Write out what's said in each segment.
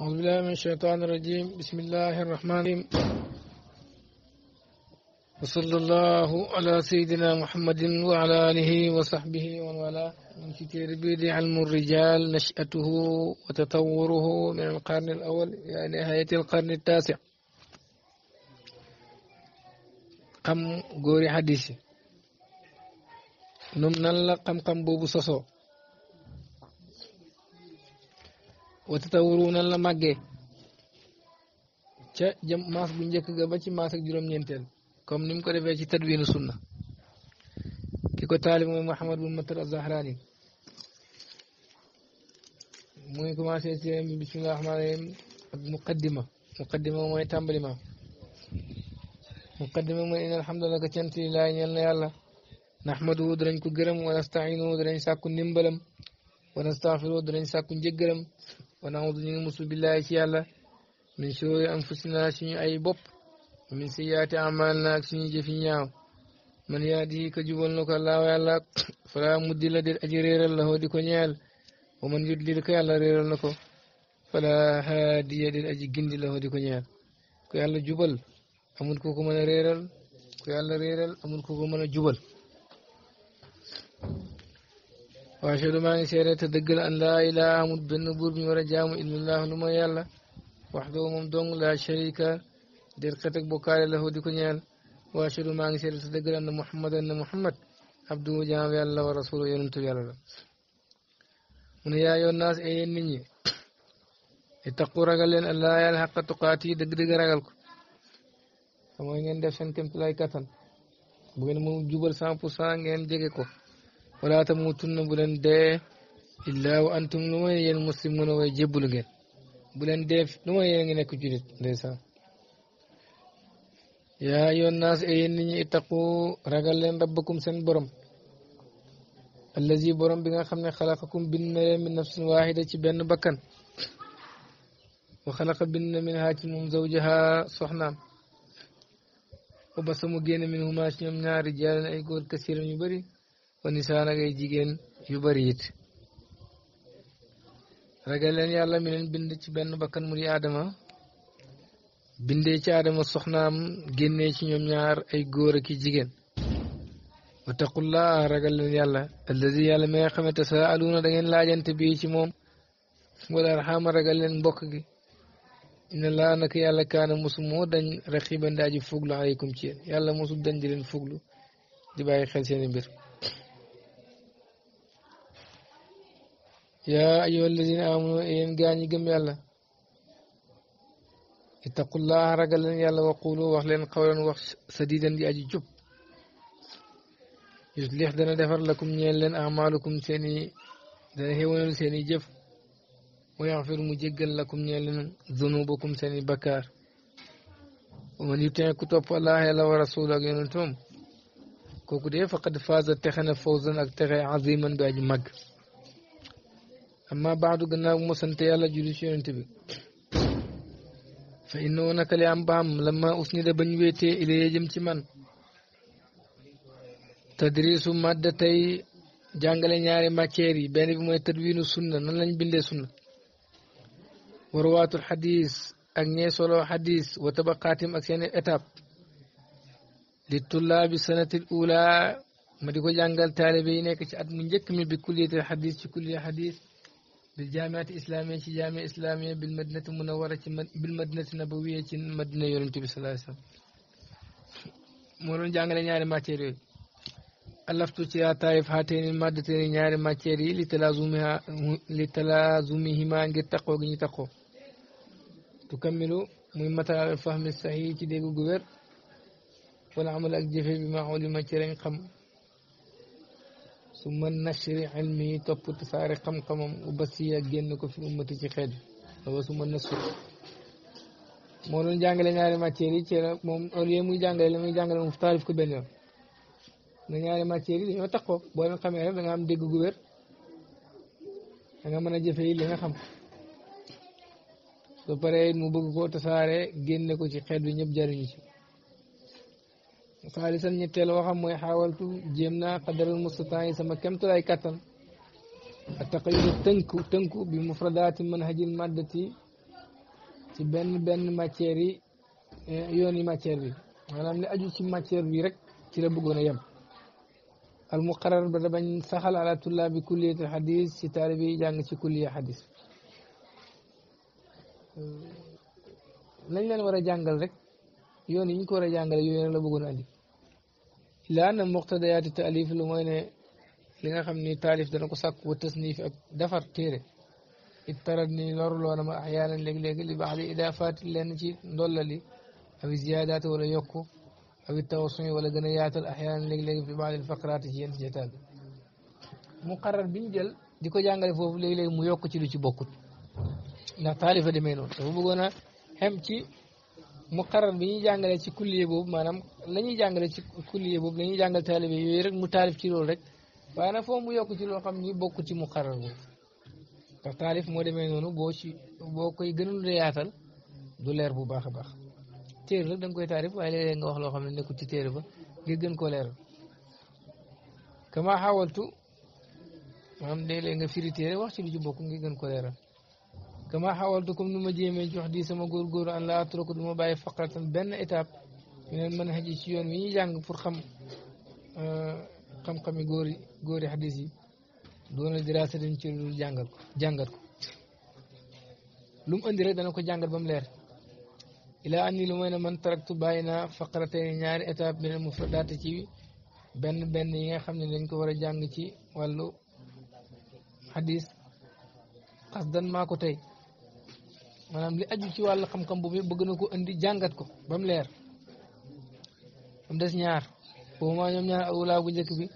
أعوذ بالله من الشيطان الرجيم بسم الله الرحمن الرحيم وصلى الله على سيدنا محمد وعلى آله وصحبه ومن والاه من كتير بيد علم الرجال نشأته وتطوره من القرن الأول إلى نهاية القرن التاسع قم قوري حديثي نمنا قم قم بوبو سوسو wa tatawruuna la màggee ca jëm maas bu njëkk ga ba ci maas ak juróom-ñeenteel comme ni mu ko defee ci tadwiinu sunna ki ko taalib mooy Muhammad bun Matar az-Zahraani mu ngi commencé ci bismillahi rahmaani rahim ak muqaddima muqaddima mooy tàmbali ma muqaddima mooy inna alhamdulillah ka cant yi laay ñeel na yàlla nahmaduhu danañ ko gërëm wa nastainuhu danañ sàkku ndimbalam wa nastaxfiruhu danañ sàkku njëggalam wa na'uudu ñu ngi musu billaahi ci yàlla min shururi anfusinaa suñu ay bopp min sayyiaati a'maalinaa ak suñu jëfi ñaaw man yahdihi ka jubal na ko Allaahu yàlla falaa mudilla déet aji réeral la di ko ñeel wa man yudlil ko yàlla réeral na ko falaa haadiya déet aji gindi la di ko ñeel yàlla jubal amul ku ko mën a réeral yàlla réeral amul ko ko mën a jubal wa ashhadu maa ngi seede te la an laa ilaaha amul benn buur bi war a jaamu illallah lu mooy yàlla waxdahu moom dong laa sharika déet xet la bokkaale lahu ko ñeel waa ashhadu maa ngi seede te dëgg la anna muhammadan na muhammad abduhu jaam yàlla wa rasuluhu yonentu yàlla la mu ne yaa yoon naas ay yéen nit ñi ittaqu ragal leen allah yàlla xaqa tuqaat yi dëgg-dëgg ragal ko te mooy ngeen def seen kéem tolluwaay kattan bu ngeen moom jubal cent pour cent jege ko ولا تموتن بلند إلا وأنتم نوي المسلمون ويجب لغن بلند نوي ينك يعني جريت ديسا يا أيها الناس أين اتقوا رغلين ربكم سن برم الذي برم بنا خمنا خلقكم بنا من نفس واحدة بنا بكن وخلق بنا من هاتم زوجها صحنا وبصموا جينا منهما شنم نار رجالا أي قول كثير من يبري wa nisaan ak ay jigéen yu bari it leen yàlla mi leen bind ci benn bakkan mu di aadama bindee ci aadama soxnaam génnee ci ñoom ñaar ay góor ak i jigéen wa taqullaa ragal leen yàlla alladi yàlla mi nga xamante dangeen da ngeen laajante bii ci moom wala arxaama ragal leen mbokk gi inna laa nak yàlla kaana mosu moo dañ raxiban daaji fuglu aleykum ci yéen yàlla mosul dañ di leen fuglu di bàyyi xel seeni mbir يا أيها الذين آمنوا إن جاني جم يلا اتقوا الله رجلا يلا وقولوا وحلا قولا سديدا لأجي جب يصلح دنا دفر لكم يلا أعمالكم سني دنا هون سني جف ويغفر مجدا لكم يلا ذنوبكم سني بكار ومن يطع كتب الله يلا ورسوله ينتم كوكو فقد فاز تخنا فوزا اكتر عظيما بأجي مكر amma baadu gannaaw bu ma sant yàlla julli ci yonent bi fa innoo naka li am baam lamma usnida bañ wéetee ilayee jëm ci man tadrisu madda jàngale ñaari matières yi benn bi mooy tadwiinu sunna nan lañ bindee sunna warwaatul xadis ak ñee solo xadis wa tabaqaatim ak seen étape li tullaabi sanatil ma di ko jàngal taalibe yi nekk ci at mu njëkk mi bi kulliyatil xadis ci kulliya xadis bil jaamiati islaamiya ci jaamiya islaamiya bil madinati munawara ci bil madinati nabawiya ci madina yonent bi sallallahu alayhi wasallam moo doon jàngale ñaari matières yooyu alaftu ci yaa taayif xaateeni maddateeni ñaari matières yi li talaazumiha li talaazumihima ngir gi ñu taqoo tukamilu muy matal fahmi sahi ci dégg gu wala amal ak jëfe bi ma xool li matière yi xam su mën nashri ilmi topp tasaare xam-xamam ubasiya génn ko fi ummati ci xeet loolu su mën nashri moo doon jàngale ñaari matières yi ci moom au lieu muy jàngale li muy jàngale moom taalif ko benn na ñaari matières yi dañoo taxoo boo leen xamee rek da nga am dégg gu mën a jëfe yi li a xam su paree mu bëgg koo tasaare génne ko ci xeet bi ñëpp jariñu ci saalisan ñetteel waxam mooy xaawaltu jéem naa qadaral mustataa yi sama kemtalaay kattan a taqayuda tënku tënku bi mufradaati manhajil maddati ci benn benn matière yi eh, yoon yi matière bi maanaam li aju ci matière rek ci la bëggoon a yem al muqarar ba da saxal ala tullaabi kulliyati xadis ci taalibi yi jàng ci kulliya xadis lañ leen war a jàngal rek yoon yi ñu ko war a jàngale la bëggoon a laa na muqtadayaati taalif lu mooy li nga xam ni taalif dana ko sàkk wa tasnif ak defar téere it tarat ni loru loona ma axyaanan léegi-léegi li baax li idaafaat lenn ci ndollali aw ziyaadaat wala yokku aw tawassun wala gën a yaatal axyaanan léegi-léegi fi baax li faqraat ci yenn jotaay bi muqarrar bi ñu jël di ko jàngale foofu léegi-léegi mu yokk ci lu ci bokkut ndax taalifa demee noonu dafa bëggoon a xem muqarrar bi ñuy jàngalee ci kulliye boobu maanaam la ñuy jàngale ci kulliye boobu la ñuy jàngal taalibe yooyu rek mu taalif ci loolu rek waaye nag foo mu yokk ci loo xam ni bokk ci muqarrar boobu ndax taalif moo demee noonu boo ci boo koy gënul yaatal du leer bu baax a baax téere rek da koy taarif waaye léeg nga wax loo xam ne nekkul ci téere ba ngir gën koo leeral kama xawaltu nga firi téere wax ci lu ci bokk gën koo leeral كما حاولتكم نما جيمي جي وخدي سما غور غور ان لا اترك دما باي فقره بن ايتاب من المنهج سي يون مي جانغ فور خم ا آه، خم خمي غوري غوري حديثي دون دراسه دين تي لول جانغال جانغال لوم اندي رك دانا كو جانغال بام لير الى اني لومينا من تركت باينا فقرتين نيار ايتاب من المفردات تي بن بن ييغا خم ني نكو ورا جانغ تي والو حديث قصدا ماكو تي maanaam li aju ci wàllu xam-xam boobu yëpp na ko indi jàngat ko ba mu leer am des ñaar boobu maa ñoom ñaar bu njëkk bi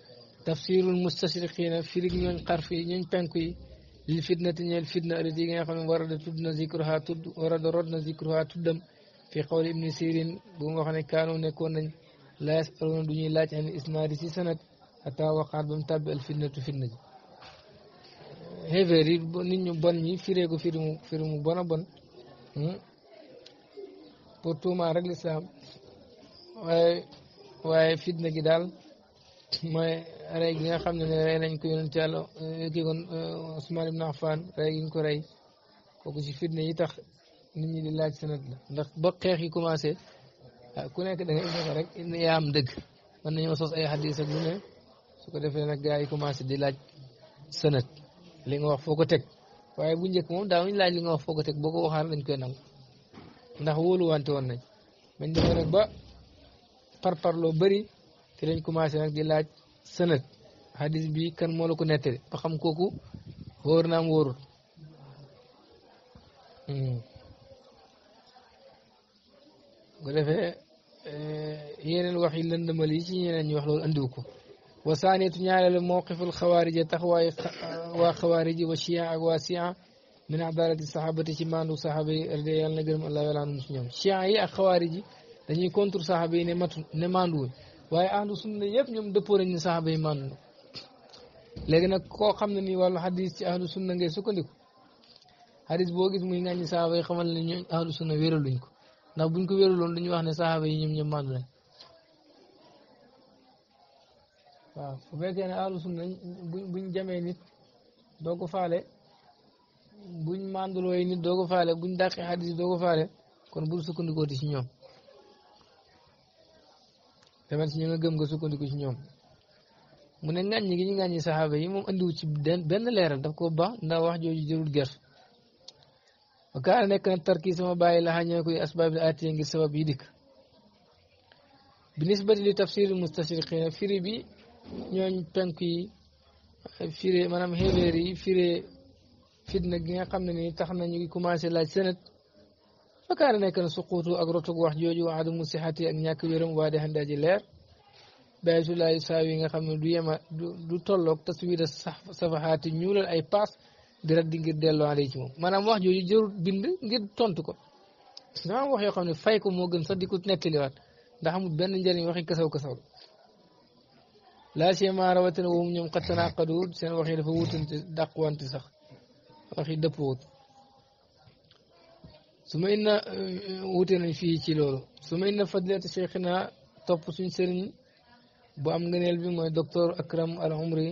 tafsirul mustashriqina firig ñooñ xarf yi ñooñ penku yi lil fitnati fitna arit yi nga xam ne warada tudd na zikruha tudd na tuddam fi qawli ibni sirin bu nga xam ne kaanoo nañ la yasaluna du ñuy laaj an isnaadi si sanat ata waqaat ba mu tàbbi al fitnatu fitna ji xéeféer yi nit bon ñi fireeku firi mu bon a bon Hmm? pour tuumaa rek lislaam waaye waaye fitna gi daal mooy rey gi nga xam ne ne rey nañ ko yonent yàlla eh, kii kon eh, Ousmane Ibn Affan ko rey kooku ci fitna yi tax nit ñi di laaj sanad la ndax ba xeex yi commencé ah, ku nekk da ngay fexe rek ne yaa am dëgg mën nañoo sos ay xadis ak lu ne ko defee nag gars yi commencé di laaj sanad li wax foo ko teg waaye bu njëkk moom daawuñu laaj li nga wax foo ko teg boo ko waxaan koy nangu ndax wóolu wante woon nañ bañ demee nag ba parparloo bëri ci lañ commencé nag di laaj sënët hadis bi kan moo la ko nettali ba xam kooku wóor na am wóorul bu hmm. ko defee eh, yeneen wax yi lëndëmal yi ci ñeneen ñu wax loolu andiwu ko wa saaniyatu ñaareel mawqiful xawaarij taxawaay waa xawaarij wa chia ak waa sia min adalati saxaabati ci maandu saxaaba yi radi yàlla na gërëm allah yàlla anum si ñoom chia yi ak xawaarij yi dañuy contre saxaaba yi ne matu ne maanduwuñ waaye ahlu sunna yëpp ñoom dëppoo nañ ne saxaaba yi maandu na léegi nag koo xam ne nii wàllu xadis ci ahlu sunna ngay sukkandiku xadis boo gis muy ngàññi saxaaba yi xamal ne ñoom ahlu sunna wéraluñ ko ndax buñ ko wéraloon dañuy wax ne saxaaba yi ñoom ñoom maandu nañ waaw bu fekkee ne ahlu sunna buñ buñ jamee nit doo ko faale buñ manduloo nit doo ko faale buñ dàqee xadis yi doo ko faale kon bul sukkandikoo ti ci ñoom demal ci ñu nga gëm nga sukkandiku ci ñoom mu ne ŋàññi gi ñu ŋàññi saxaaba yi moom andiwu ci benn leeral daf ko ba ndax wax jooju jërul gerte wa kaana nekk na tarki sama bàyyi la koy asbaabil aatiye ngir sabab yi dikk bi nisbati li tafsir mustashriqina firi bi ñooñ penk yi firé maanaam xéevéer yi firé fitna gi nga xam ne nii tax na ñu ngi commencé laaj senet fakaana nekk na suquutu ak rotug wax jooju wa adamu sixati ak ñàkk wéram waa de xandaa ji leer bàyyi su laay saa yi nga xam ne du yema du tolloog taswira safahaati ñuulal ay paas di raddi ngir delloo ale ci moom maanaam wax jooju jërul bind ngir tontu ko dama wax yoo xam ne fay ko moo gën sax di ko nettaliwaat ndax amul benn njëriñ waxi kasaw kasaw la laa siyama rawatina wum ñoom qad tanaqadu seen wax yi dafa wutante dàqwante sax wax yi dëppoowut su ma inna eh, wute nañ fii ci loolu su ma inna fadlati cheikhina topp suñ sëriñ bu am ngëneel bi mooy docteur akram al umri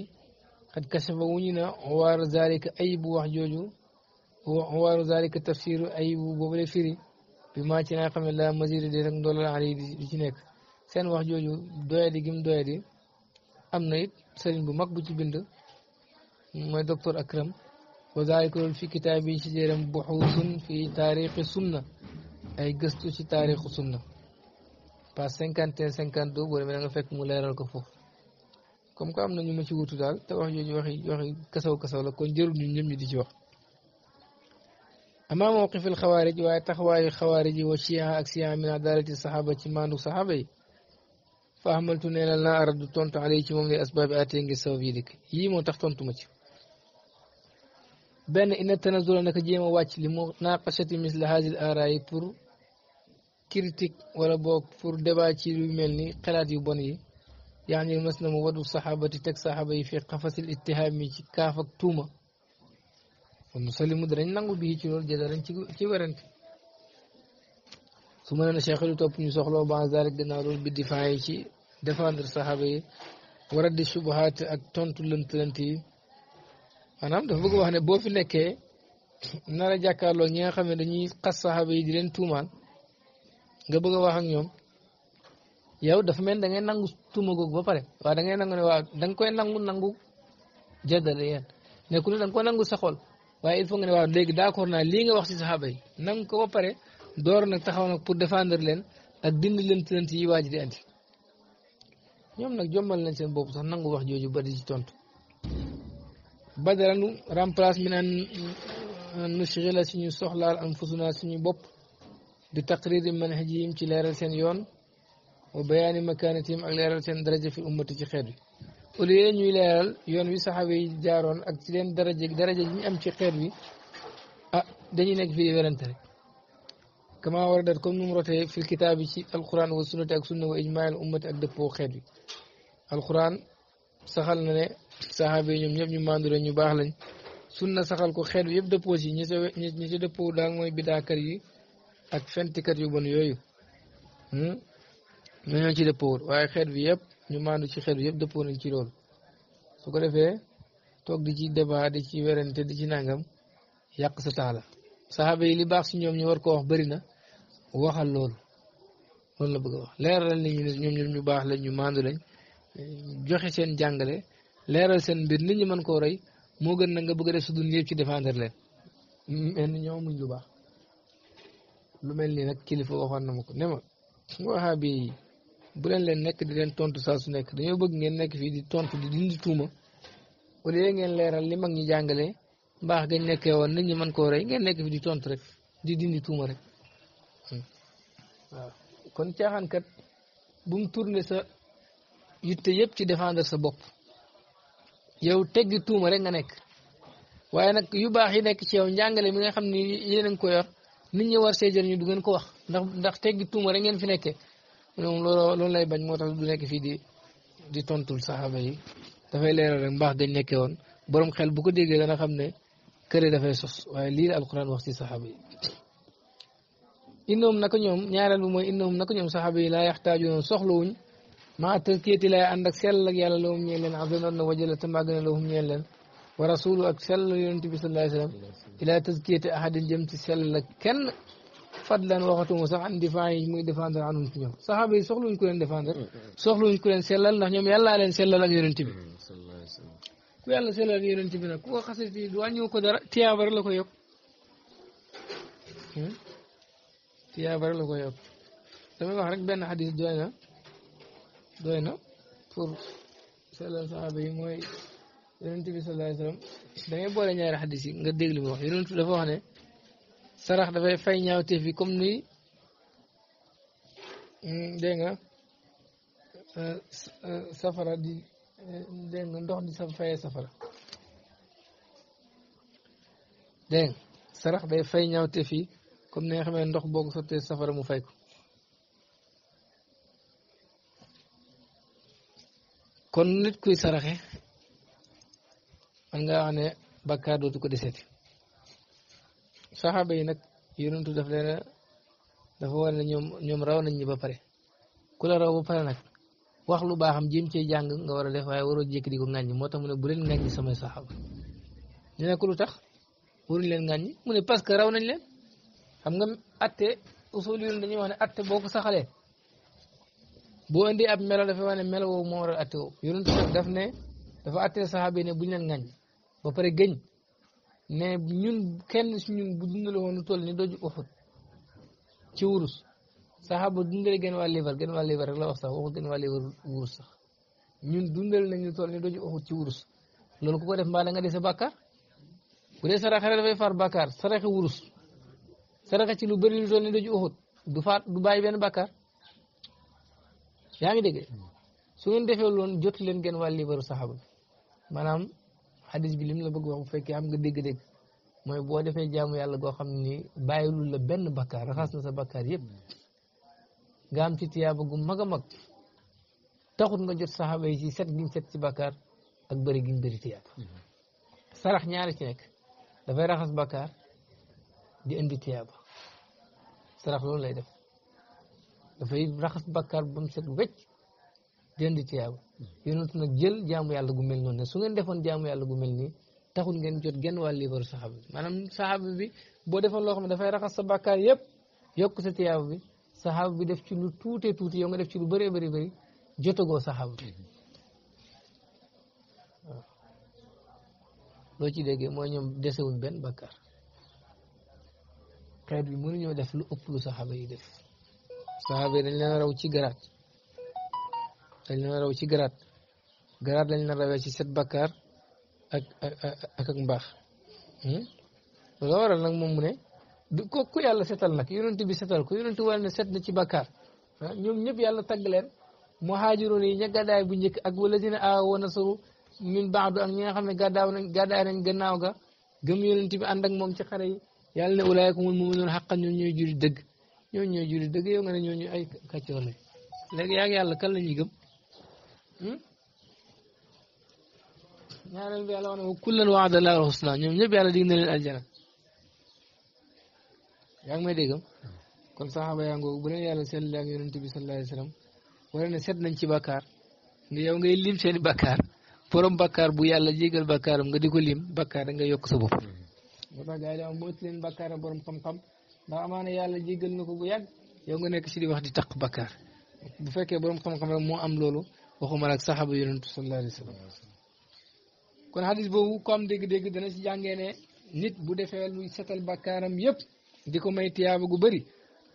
xad kachafa wuñu na xawaaru zalika ayibu wax jooju xawaaru zalika tafsiru ayibu boobule firi bi maa ci naa xam ne la masiri di rek ndoolal ali di ci nekk seen wax jooju doyadi gim doyadi am na it sëriñ bu mag bu ci bind mooy docteur Akram wa zaalika loolu fi kitaab ci téeram buxuusun fi taarixi sunna ay gëstu ci taarixu sunna page cinquante et cinquante deux boo demee da nga fekk mu leeral ko foofu comme que am na ñu ma ci wutu daal te wax jooju waxi kasaw kasaw la kon jërul ñu ñëpp ñi di ci wax amaa mawqifil xawaarij waaye taxawaayu xawaarij yi wa chia ak min adaalati saxaaba ci maandu saxaaba yi fa xamaltu neenal naa aradu tontu alay ci moom lay asbaabi aatee ngir sabab yi dikk yii moo tax tontu ma ci benn ina tanazula naka jéem a wàcc li mu naaqashati misla hasil araay pour critique wala boog pour débat ci lu mel ni xalaat yu bon yi yaani mas na mu wadu saxaabati teg saxaaba yi fi xafasil ittihaam yi ci kaaf ak tuuma kon nu salimu danañ nangu bii ci loolu jëlee dañ ci ci werante su ma nee na cheikh lu topp ñu soxloo ban zalik gannaaw loolu bi difaa yi ci défendre saxaaba yi war di subahaat ak tontu lënt lënt yi maanaam dafa bëgg wax ne boo fi nekkee nar jàkkaarloo ñi nga xam ne dañuy xas yi di leen tuumaal nga wax ak ñoom yow dafa mel da ngay nangu tuuma googu ba pare waaw da nangu ne waaw da koy nangu nangu jëddale yéen nekkul ne da nga ko nangu sa xol il faut nga ne waaw naa lii nga wax ci nangu ko ba pare door nag taxaw nag pour défendre leen ak dindi leen lënt yi waaj di andi ñoom nag jombal nañ seen bopp sax nangu wax jooju bari ci tontu badara nu remplace mi naan nu shigila suñu soxlaal anfusuna suñu bopp bi taqriri manhajihim ci leeral seen yoon wa bayaani makaanatihim ak leeral seen daraja fi ummati ci xeet bi au lieu ñuy leeral yoon wi saxaaba yi jaaroon ak ci leen daraja daraja yi ñu am ci xeet bi ah dañuy nekk fii di werante rek kama waradat comme nu mu rotee fil kitaab yi ci alquran wa sunnati ak sunna wa ijmail ummati ak dëppoo xeet bi alquran saxal na ne saxaaba yi ñoom ñëpp ñu màndu lañ ñu baax lañ sunna saxal ko xeet bi yëpp dëppoo si ñi sa ñi sa dëppoo daal mooy bidaakat yi ak fentikat yu bon yooyu hmm? ñoo ci dëppoo waaye xeet bi yëpp ñu màndu ci xeet bi yëpp dëppoo nañ ci loolu su ko defee toog di ci débat di ci werante di ci nangam yàq sa taala saxaaba yi li baax si ñoom ñu war ko wax bëri na waxal loolu loolu la bëgg a wax leeral nit ñi ne ñoom ñoom ñu baax lañ ñu maandu lañ joxe seen jàngale leeral seen mbir nit ñi mën koo rey moo gën na nga bëgg a def su dund yëpp ci défendre mel ni ñoom kilifa waxoon na ko ne ma waxaa bi leen leen di leen tontu saa su nekk dañoo bëgg ngeen nekk fii di tontu di dindi li mag ñi jàngale mbaax gañ koo rey ngeen nekk fi di tontu rek di dindi tuuma rek waaw kon caaxaankat bu mu tourné sa yitte yëpp ci défendre sa bopp yow teggi tuuma rek nga nekk waaye nag yu baax yi nekk ci yow njàngale mi nga xam ni yéen a ngi ko yor nit ñi war see ñu du ngeen ko wax ndax ndax teggi tuuma rek ngeen fi nekkee moom loolu lay bañ moo tax du fii di di tontul saxaaba yi dafay leeral rek mbaax gañ nekkee woon borom xel bu ko déggee dana xam ne kër dafay sos waaye lii la alquran wax ci saxaaba yi. innahum naka ñoom ñaareel bi mooy innahum naka ñoom saxaaba yi laa yaxtaajunoon soxlawuñ maa tazkiyati laay ànd ak sell ak yàlla lahum ñeel leen azanoon na wajala te màgg na lahum ñeel leen wa rasulu ak sell yonente bi sallallahu alayhi wasallam ilaa tazkiyati ahadin jëm ci sell ak kenn fadlan waxatuma sax an difaa yi muy défendre anum ci ñoom saxaaba yi soxluñ ku leen défendre soxluñ ku leen sellal ndax ñoom yàllaa leen sellal ak yonente bi ku yàlla sellal ak yonente bi nag ku ko xasati wàññiwu ko dara tiyaaba rek la ko yokk tiyaaba rek la koy ëpp damay wax rek benn xadis doy na pour sala saxaaba yi mooy yonent bi sallallahu alayhi wasallam da ngay boole ñaari xadis yi nga déglu mu wax yonent bi dafa wax ne sarax dafay fay ñaawteef yi comme ni hmm, dégg nga euh, euh, safara di ndox di sa fayee safara fay ñaawteef yi comme ni nga xamee ndox boo ko sottee safara mu fay ko kon nit kuy saraxe man ngaa wax ne bakkaar dootu ko deseeti saxaaba yi nag yonentu daf leen dafa war ne ñoom ñoom raw nañ ñi ba pare ku la raw ba pare nag wax lu baaxam jéem cee jàng nga war a def waaye waroo jékki di ko ŋàññi tax mu ne bu leen ŋàññi samay saxaaba ñu ko lu tax leen ŋàññi mu ne parce que raw nañ leen xam nga atte usul yi dañuy wax ne atte boo ko saxalee boo indi ab melo dafa wax ne melo woowu moo waral atte woowu daf ne dafa atte saxaaba yi buñ leen ngañ ba pare gëñ ne ñun kenn si ñun bu dundale woon lu toll ni doju uxut ci wurus saxaaba dundale gën waa liibar gën waa liibar la wax sax waxut gën waa liibar ci wurus loolu ku ko def mbaa da nga dese bàkkaar bu dee saraxe dafay far bàkkaar saraxe wurus saraxa ci lu bëri lu toll ni daju uxut du faat benn bàkkaar yaa ngi dégg su defee loon jot leen ngeen wàll libaru saxaaba maanaam xadis bi lim la bëgg fekkee am nga dégg-dégg mooy boo defee jaamu yàlla goo xam ni bàyyilul la benn bakkaar raxas na sa bakkaar yëpp nga am tiyaaba gu mag a mag taxut nga jot saxaaba yi ci set ci bakkaar ak bëri mm-hmm. sarax ñaari ci nekk dafay raxas bakkaar di indi tiyaaba sarax loolu lay def dafay raxas bakkaar ba mu set wecc dend tiyaaba yonent nag jël jaamu yàlla gu mel noonu ne su ngeen defoon jaamu yàlla gu mel nii taxul ngeen jot genn wàll liibaru saxaaba bi maanaam saxaaba bi boo defoon loo xam ne dafay raxas sa bakkaar yëpp yokk sa tiyaaba bi saxaaba bi def ci lu tuute tuuti yoo nga def ci lu bëree bari bëri jotagoo saxaaba bi loo ci déggee mooy ñoom desewuñ benn bakkaar xeet bi mënuñoo def lu ëpp lu saxaaba yi def saxaaba yi dañ leen raw ci garaat dañ leen raw ci garaat garaat lañ leen rawee ci set bakkaar ak ak ak mbaax hmm? loo waral nag moom mu ne du ko ku yàlla setal nag yonent bi setal ko yonent wala ne set na ci bakkaar ñoom ñëpp yàlla tagg leen muhaajiroon yi ña gàddaay bu njëkk ak wala dina aawa nasaru min baadu ak ñi nga xam ne gàddaaw nañ gàddaay nañ gannaaw ga gëm yonent bi ànd ak moom ci xare yi yàlla ne ulaayka humul mu'minuuna haqqan ñoom ñooy jullit dëgg ñoom ñooy jullit dëgg yow nga ne ñooñu ay kàccoor lañ yaa ngi yàlla kan la ñuy gëm hmm? ñaareel bi yàlla wax ne wa kullan wa'ada llaahu l ñoom ñëpp yàlla dig na leen aljana yaa ngi may déggam kon saxaaba yaa ngoogu bu leen yàlla seen laag yonent bi sallallaahu alayhi wa set nañ ci bàkkaar nga yow nga lim seeni bakkaar bàkkaar borom bu yàlla jégal bakkaar nga di ko lim bàkkaar da nga yokk sa bopp moo tax gars yi dama moytu leen bakkaar borom xam-xam ndax amaana yàlla jéggal na ko bu yàgg yow nga nekk si di wax di taq bakkaar bu fekkee borom xam-xam rek moo am loolu waxuma nag saxaaba yonentu sallallahu alayhi wa sallam kon xadis boobu ko am dégg-dégg dana si jàngee nit bu defee luy setal bakkaaram yëpp di ko may tiyaaba gu bëri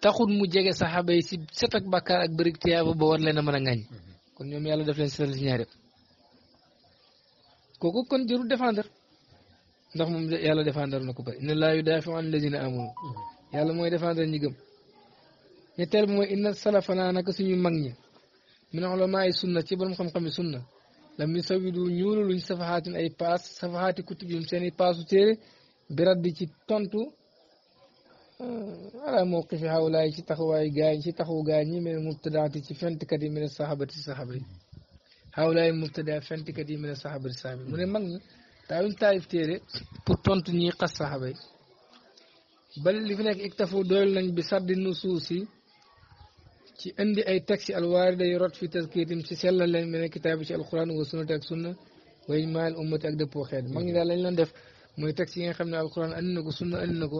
taxul mu jege saxaaba yi si set ak bakkaar ak bëri tiyaaba ba war leen a mën a ŋañ mhm. kon ñoom yàlla def leen setal si ñaar yëpp kooku kon jëru défendre ndax moom yàlla défendre na ko bëri inna laa yudaafi an lazina amanu yàlla mooy défendre ñi gëm ñetteel bi mooy inna salafana naka suñu mag ñi min ulama ay sunna ci borom xam-xami sunna lam ñu sawidu ñuulu luñ safahaatin ay paas safahaati kutubihim seen i paasu téere bi raddi ci tontu ala mawqifi hawlaay ci taxawaay gaañ ci taxawu gaañ ñi mel mubtadaati ci fentkat yi mel sahabati saxaba yi hawlaay mubtadaa fentkat yi mel sahabati yi mu ne mag ñi daawuñ taalif téere pour tontu ñi xas saxaba yi bal li fi nekk iktafu doyul nañ bi sardi nusuus yi ci indi ay textes alwaarida yu rot fi taskiitim ci sellal leen mel ne kitaabu ci alquran wa sunnati ak sunna wa ijmaal ummati ak dëppoo xeet mag ñi daal lañ leen def mooy textes yi nga xam ne alquran andi na ko sunna andi na ko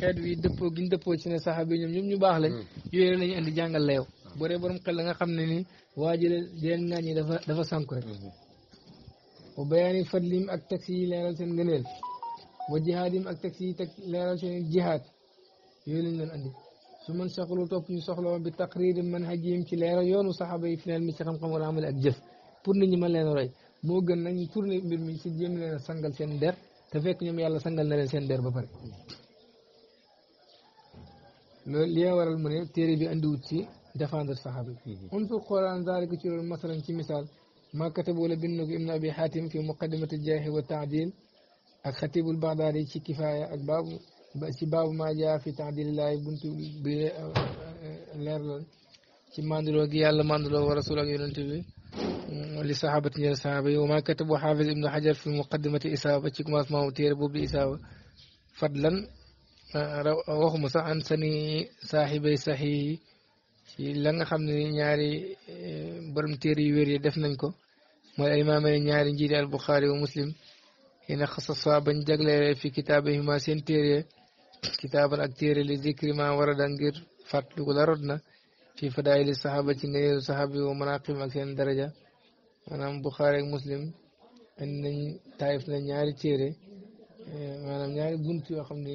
xeet wi dëppoo dëppoo ci ne saxaba ñoom ñoom ñu baax lañ yooyu lañu indi jàngal la yow boo xel la nga xam ne ni waa jëlee jëleen ñi dafa dafa sànku wa bayaani fadlim ak tax yi leeral seen ngëneel wa jihaadim ak tax yi teg leeral seen jihaad yooyu lañ leen andi su man soxlu topp ñu soxloo bi taqriir man hajim ci leeral yoonu saxaaba yi final mi ci xam-xam wala amal ak jëf pour nit ñi mën leen roy moo gën nag ñu tourné mbir mi si jéem leen a sangal seen der te fekk ñoom yàlla sangal na leen seen der ba pare loolu li waral mu ne téere bi andiwut ci défendre saxaaba yi un fur xoolaan zaalika ci loolu masalan ci misaal ما كتبوا لبن ابن ابي حاتم في مقدمه الجاه والتعديل الخطيب البغدادي في كفايه الباب باب ما جاء في تعديل الله بنت لير في ماندلو جي الله ماندلو ورسول الله لصحابة صحابي وما كتب حافظ ابن حجر في مقدمة إسابة ما اسمه تير بوب إسابة فضلا وهم عن سني صاحبي صحيح ci la nga xam ne ñaari borom téere yu wér yi def nañ ko mooy ay imaamay ñaari njiiti al buxaari wa muslim ina xasasa bañ jagleele fi kitaabihima seen téere kitaaban ak téere li zikri ma warada ngir fàttaliku la rod na fi fadaayili saxaaba ci ngeneelu saxaaba wa manaqim ak seen daraja maanaam buxaari ak muslim indi nañ taayif na ñaari téere maanaam ñaari bunt yoo xam ne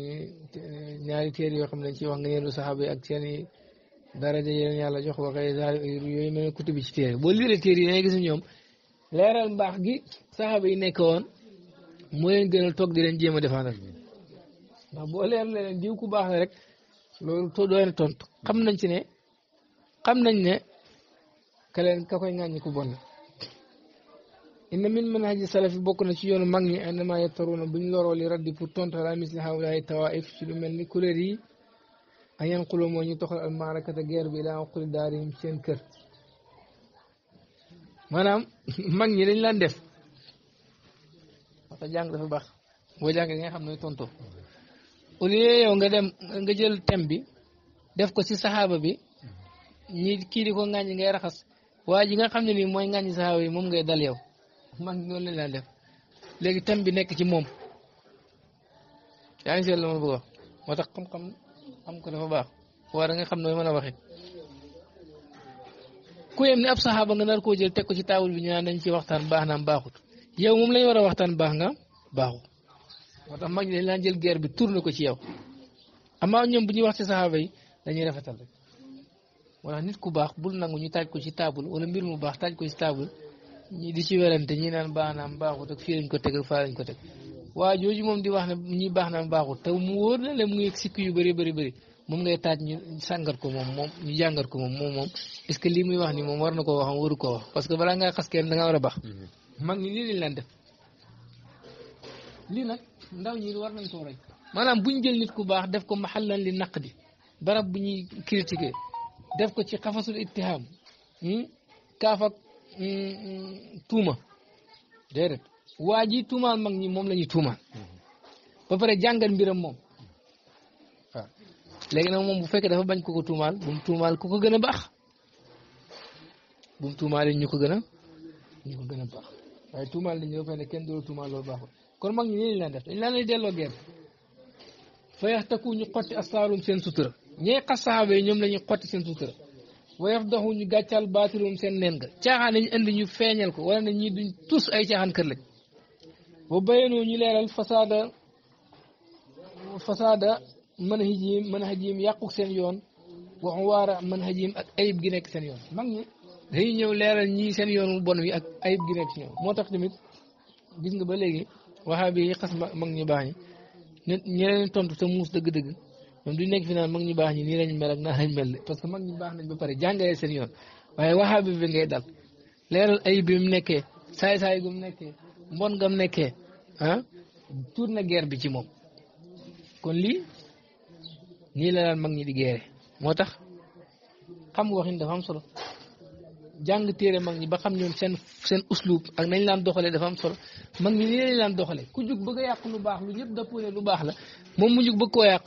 ñaari téere yoo xam ne ci wax ngeneelu saxaaba ak seen daraja yàlla jox wa xëy na yooyu mel ne kutubi ci téere boo liiree téere yi da ngay gis ñoom leeral mbaax gi saxaaba yi nekk woon moo leen gënal toog di leen jéem a défendre ndax boo leer la diw ku baax la rek loolu to doy na tontu xam nañ ci ne xam nañ ne ka leen ka koy ŋàññi ku bon inna min manhaji salafi bokk na ci yoonu mag ñi annama yattaruna buñ loroo li raddi pour tontu ala misli hawlaay tawaif ci lu mel ni kuréel yi a ayan xuloo moo ñu toxal al maarakata guerre bi ilaa xuli daarihim seen kër mag ñi dañ laan def parce que jàng dafa baax boo jàng nga xam ne tonto au yow nga dem nga jël thème bi def ko ci saxaaba bi ñi kii di ko ŋàññi ngay raxas waaye ji nga xam ne nii mooy ŋàññi yi moom ngay dal yow mag ñi lañ laan def léegi thème bi nekk ci moom yaa ngi seetlu ma bëgg wax moo tax xam-xam xam ko dafa baax war nga xam nooy mën a waxe ku yem ne ab saxaaba nga nar koo jël teg ko ci taabul bi ñu naan dañ ci waxtaan baax naam baaxut yaw moom lañ war a waxtaan baax nga baaxut moo tax mag ñi dañ jël guerre bi tourné ko ci yow amaa ñoom bu ñuy wax ci saxaaba dañuy rafetal rek moo ku baax bul nangu ñu taaj ko ci taabul wala mbir mu baax taaj ko ci taabul di ci werante ñi naan baax naam baaxut ak fii ko teg ak faa lañ ko teg waa jooju moom di wax ne ñi baax na mu wóor na la mu ngi sikk yu bëri bëri bëri moom ngay taaj ñu sàngat ko moom moom ñu jàngat ko moom moom moom est-ce que ni moom war na koo wax waru koo wax parce que balaa ngaa xas kenn da nga war a baax mm-hmm. mag ñi nag ndaw ñi war nañ koo roy maanaam buñ jël nit ku baax def ko maxallan li naq di barab bu ñuy critiquer def ko ci xafasul ittihaam hmm, kaaf ak hmm, hmm, tuuma déedéet waa jii tuumaal mag ñi moom lañuy ñuy tuumaal ba pare jàngal mbiram moom waa léegi nag moom bu fekkee dafa bañ ku ko tuumaal bu mu tuumaal ku ko gën a baax bu mu tuumaalee ñu ko gën a ñu ko gën a baax waaye tuumaal nañ ñëw fay ne kenn du la tuumaal kon mag ñi lii lañ def dañ laan delloo gerte fayax takku ñu xotti asaalum seen sutura ñee xas saxaaba yi ñoom la xotti seen sutura wayaf doxu ñu gàccaal baatirum seen neen nga caaxaan nañ indi ñu feeñal ko wala na ñi duñ tus ay caaxaan kër lañ wa bayanoo ñu leeral fasaada fasaada man a hijim mën a hijim yàquk seen yoon waxu waara mën a hijim ak ayib gi nekk seen yoon mag ñi ñëw leeral ñii seen yoon bon wi ak ayib gi nekk si ñoom moo tax tamit gis nga ba léegi waxaa bi xas mag ñu baax ñi nit ñeneen tontu te muus dëgg-dëgg ñoom duñ nekk fi naan ñu baax ñi nii lañ mel ak naa lañ mel parce que mag ñu baax nañ ba pare jàngale seen yoon waaye waxaa bi bi ngay dal leeral ayib bi mu nekkee saay saay gu mu nekkee mbon gam nekkee ah tuur na guerre bi ci moom kon lii nii la daan mag ñi di guerre moo tax xam waxin dafa am solo jàng téere mag ñi ba xam ñoom seen seen uslub ak nañ laan doxale dafa am sol mag ñi nii lañ laan doxalee ku jug bëgg yàq lu baax lu ñëpp dëppoo lu baax la moom mu jug bëgg koo yàq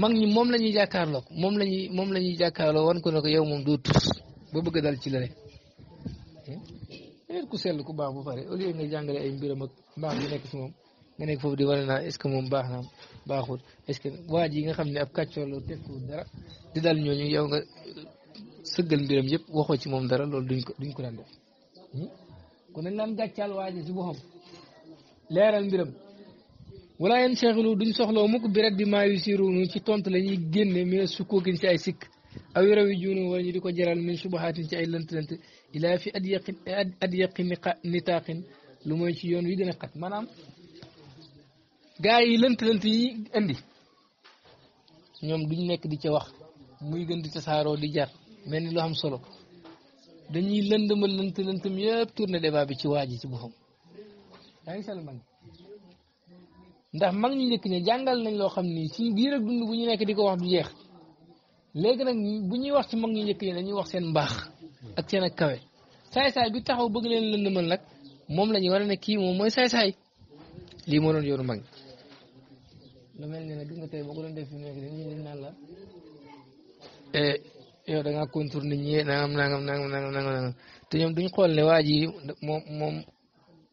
mag ñi moom la ñuy jàkkaarloo moom la ñuy moom la ñuy jàkkaarloo wan ko ne ko yow moom doo tus ba bëgg dal ci la ku sell ku baax bu pare au lieu nga jàngale ay mbiram ak mbaax bi nekk si moom nga nekk foofu di wane naa est ce que moom baax naam baaxul est ce que waa ji nga xam ne ab kàccoor la loolu duñ ko duñ ko daan def hmm? kon dañ naan gàccaal leeral mbiram wala yeen seexlu duñ soxloo mukk biret bi maa yu siirunu ci tont la ñuy génne mi ne sukkookin ci ay sikk aw yore wi juunu wala ñu di ko jaral min subaxaatin ci ay lënt-lënt ilaa fi adyaqi adyaqi nitaaqin lu mooy ci yoon wi gën a xat maanaam gaa yi lënt lënt yi indi ñoom ñu nekk di ca wax muy gën di tasaaroo di jar mel ni lu am solo dañuy lëndëmal lënt lëntam yëpp tourné débat bi ci waaji ci boppam yaa ngi sell mag ndax mag ñu njëkk ña jàngal nañ loo xam ni ci biir ak dund bu ñu nekk di ko wax du jeex léegi nag bu ñuy wax ci mag ñu njëkk ñi dañuy wax seen mbaax ak seen ak kawe saay-saay bi taxaw bëgg leen lëndëmal nag moom la ñu war a kii moom mooy saay-saay lii moo doon yoonu mag na mel ne nag gis nga tey boo ko doon def fi mu nekk la eh, yow da ñi nangam nangam nangam nangam nangam te ñoom duñ xool ne waa ji moom moom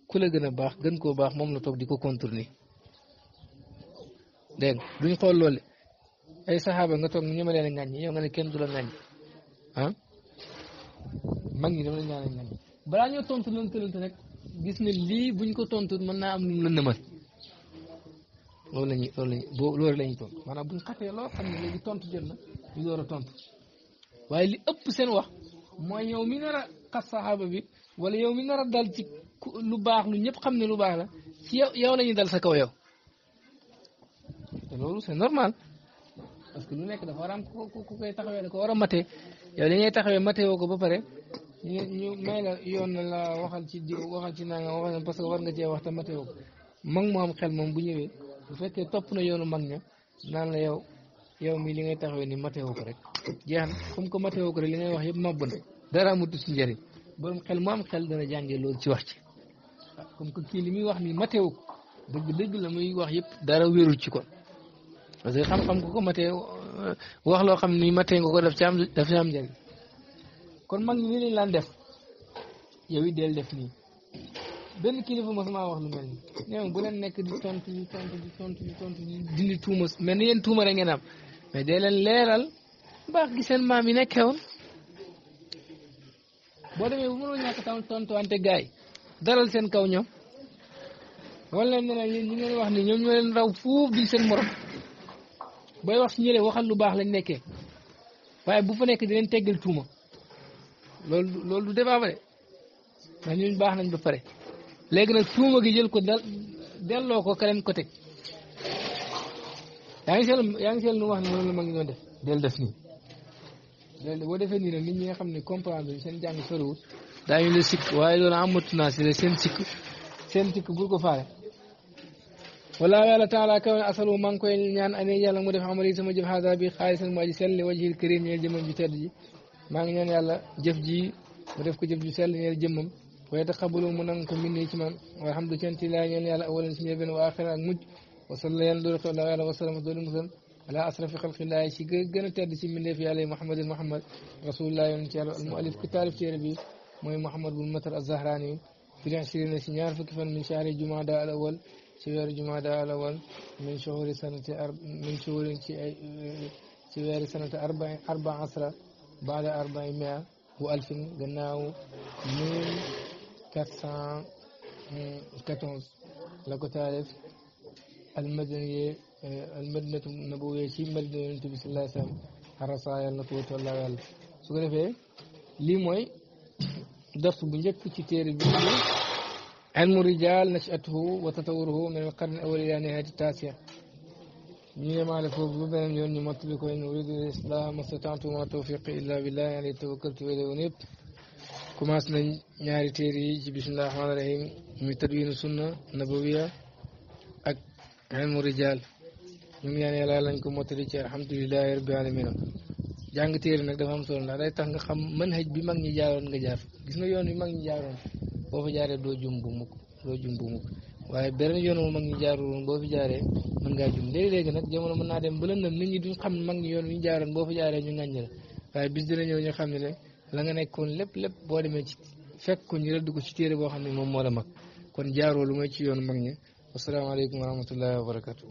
ku la gën a baax gën koo baax moom la toog di ko contourner dégg duñ xool loolu ay saxaaba nga toog ñu ma leen a ŋàññi nga ne kenn du la ah? mag ñi dama la ñaanal ñan balaa ñoo tontu lëntalante nag gis ne lii buñ ko tontu mën naa am lu mu lëndëmal loolu la ñuy loolu la ñuy boo loolu la ñuy tontu maanaam buñ xatee loo xam ne waaye li ëpp seen wax mooy yow mi a xas saxaaba bi wala yow mi a dal lu baax lu ñëpp xam ne lu baax la ci yow yow la dal sa kaw yow loolu c'est normal. parce que lu nekk dafa war a am ku ko war a matee yow li ngay taxawee matee woo ba pare ñu ñu may la yoon na la waxal ci di waxal ci nanga waxal parce que war nga cee wax te matee woo ko mag mu xel moom bu ñëwee bu fekkee topp na yoonu mag ña naan la yow yow mii li ngay taxawee ni matee woo ko rek jeex na comme que matee woo ko rek li ngay wax yëpp mabbu na dara amut si njëriñ borom xel mu am xel dana jàngee loolu ci wax ci comme que kii li muy wax nii matee woo ko dëgg dëgg la muy wax yëpp dara wérul parce que xam-xam ku ko matee euh, wax loo xam ni matee nga ko daf ci am daf ci am njëriñ kon mag ñi nii lan def yow it del def nii benn kilifa mosuma wax lu mel ni ñoom bu leen nekk di tontu di tontu di tontu di tontu di dindi tuuma mel ni yéen tuuma rek ngeen am mais dee leen leeral baax gi seen maam yi nekkee woon boo demee bu mënoo ñàkk tam tontu wante gaay daral seen kaw ñoom wala leen ne nag yéen ñi ngeen wax ni ñoom ñoo leen raw fuuf di seen morom. booy wax si ñële waxal lu baax lañ nekkee waaye bu fa nekk di leen teggal tuuma loolu loolu du débat ba de ndax ñun baax nañ ba pare léegi nag tuuma gi jël ko dal delloo ko keneen ko teg yaa ngi seel yaa ngi seel nu wax ne moom la ma ngi doon def del def nii del boo defee nii nag nit ñi nga xam ne comprendre bi seen jàng soriwut daañu la sikk waaye loolu amatu naa si la seen sikk seen sikk bul ko faale ولا يلا تعالى كون أصل من كون نيان أن يلا مدف عمري سما جف هذا بي خالص المجسل لوجه الكريم يلا جمع بتردي ما نيان يلا جف جي مدف كجف جسل يلا جمع ويتقبلوا من أنك من نجم والحمد لله تلا نيان يلا أول نسمي بن وآخر المج وصلى الله عليه وسلم وعلى وسلم دور مسلم على أسرف خلق الله شيء جن تردي سمي لي في عليه محمد محمد رسول الله ينتهى المؤلف كتاب في ربي مي محمد بن مطر الزهراني في عشرين سنة فكفن من شهر الجمعة الأول ci weeru jumaada alawal min shuhuri sanati min shuhuri ci ay eh, ci weeru sanati arbain arba asra baada arbain mia wa alfin gannaaw mille quatre cent quatorze la ko taalif almadaniye eh, almadinatu nabawiya ci madina yonent bi sallallahu alayhi wa sallam arasa yàlla na ko tollaa yàlla su ko defee lii mooy dars bu njëkk ci téere bi علم الرجال نشأته وتطوره من القرن الأول إلى نهاية التاسع من يمالك ببن يوني مطلق إن أريد الإسلام استطعت ما توفيقي إلا بالله يعني توكلت وإلى أنيب كما أسنى نياري تيري بسم الله الرحمن الرحيم من تدوين السنة نبوية أك علم الرجال ñoom yaa ne yàlla lañ ko mottali ci alhamdulilahi rabbi alamina jàng téere nag dafa am solo ndax day tax nga xam manhaj bi mag ñi jaaroon nga jaar gis nga yoon bi mag ñi jaaroon boo fa jaaree doo jum bu mukk doo jum bu mukk waaye beneen yoon wu mag ñi jaaroon boo fi jaaree mën ngaa jum léegi-léegi nag jamono mën naa dem ba lëndëm nit ñi duñ xam mag ñi yoon wi ñu jaaroon boo fa jaaree ñu ŋàññ la waaye bis dina ñëw ñu xam ne la nga nekkoon lépp lépp boo demee ci fekk ko ñu rëdd ko ci téere boo xam ne moom moo la mag kon jaaroo lu may ci yoon mag ñi wasalaamaaleykum wa rahmatullahi wa barakatu